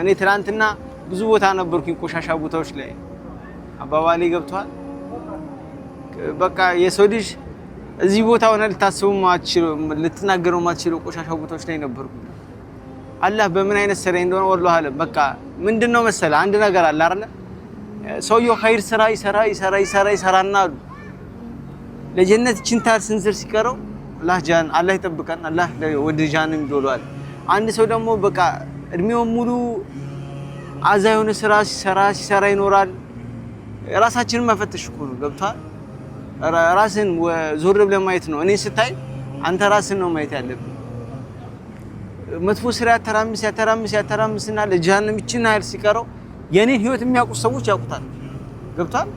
እኔ ትናንትና ብዙ ቦታ ነበርኩኝ፣ ቆሻሻ ቦታዎች ላይ አባባሌ ገብቷል። በቃ የሰው ልጅ እዚህ ቦታ ሆነ ልታስቡ አትችሉም፣ ልትናገሩ አትችሉ። ቆሻሻ ቦታዎች ላይ ነበርኩ። አላህ በምን አይነት ስራ እንደሆነ ወላሂ አለ። በቃ ምንድነው መሰለ አንድ ነገር አለ አይደል? ሰውየው ኸይር ስራ ይሰራ ይሰራ ይሰራ ይሰራና አሉ ለጀነት ችንታል ስንዝር ሲቀረው አላህ ጃን አላህ ይጠብቀን። አላህ ወደ ጃንም ዶሏል። አንድ ሰው ደግሞ በቃ እድሜውን ሙሉ አዛ የሆነ ስራ ሲሰራ ሲሰራ ይኖራል። ራሳችንን መፈተሽ እኮ ነው። ገብቷል። ራስን ዞር ብለህ ማየት ነው። እኔ ስታይ አንተ ራስን ነው ማየት ያለብህ። መጥፎ ስራ ያተራምስ ያተራምስ ያተራምስና ለጀሃነም ይችን ያህል ሲቀረው የእኔን ህይወት የሚያውቁት ሰዎች ያውቁታል። ገብቷል።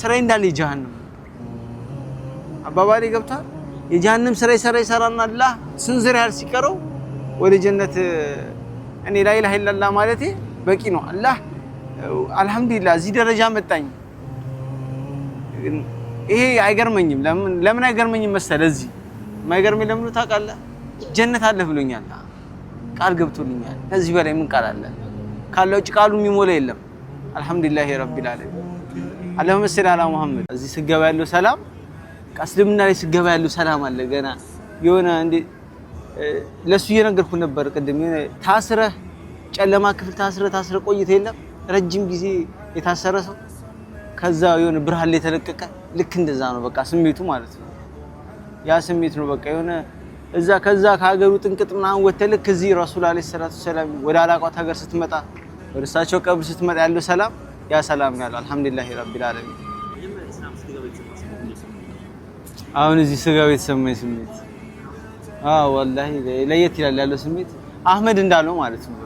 ስራ እንዳለ የጀሃነም አባባሌ ገብቷል። የጀሃነም ስራ ይሰራ ይሰራና አላህ ስንዝር ያህል ሲቀረው ወደ ጀነት እኔ ላይ ላይ ለላ ማለቴ በቂ ነው። አላህ አልሐምዱሊላህ እዚህ ደረጃ መጣኝ። ይሄ አይገርመኝም። ለምን ለምን አይገርመኝም መሰለህ? እዚህ የማይገርመኝ ለምን ታውቃለህ? ጀነት አለህ ብሎኛል፣ ቃል ገብቶልኛል። ከዚህ በላይ ምን ቃል አለ? ካለ ውጭ ቃሉ የሚሞላ የለም። አልሐምዱሊላህ ረቢል ዓለሚን። አላህ መስል ሙሐመድ። እዚህ ስገባ ያለው ሰላም፣ እስልምና ላይ ስገባ ያለው ሰላም አለ ገና የሆነ ለሱ እየነገርኩ ነበር ቅድም። ታስረህ ጨለማ ክፍል ታስረህ ታስረህ ቆይተ የለም ረጅም ጊዜ የታሰረ ሰው ከዛ የሆነ ብርሃን ላይ የተለቀቀ ልክ እንደዛ ነው በቃ ስሜቱ ማለት ነው። ያ ስሜት ነው በቃ የሆነ እዛ ከዛ ከሀገሩ ጥንቅጥ ምናምን ወጥተህ ልክ እዚህ ረሱል ዓለይሂ ሰላቱ ሰላም ወደ አላቋት ሀገር ስትመጣ ወደ እሳቸው ቀብር ስትመጣ ያለው ሰላም ያ ሰላም ነው ያለው። አልሐምዱሊላህ ረቢል አሁን እዚህ ስጋ ቤት የተሰማኝ ስሜት አዎ ወላሂ ለየት ይላል ያለው ስሜት አህመድ እንዳለው ማለት ነው።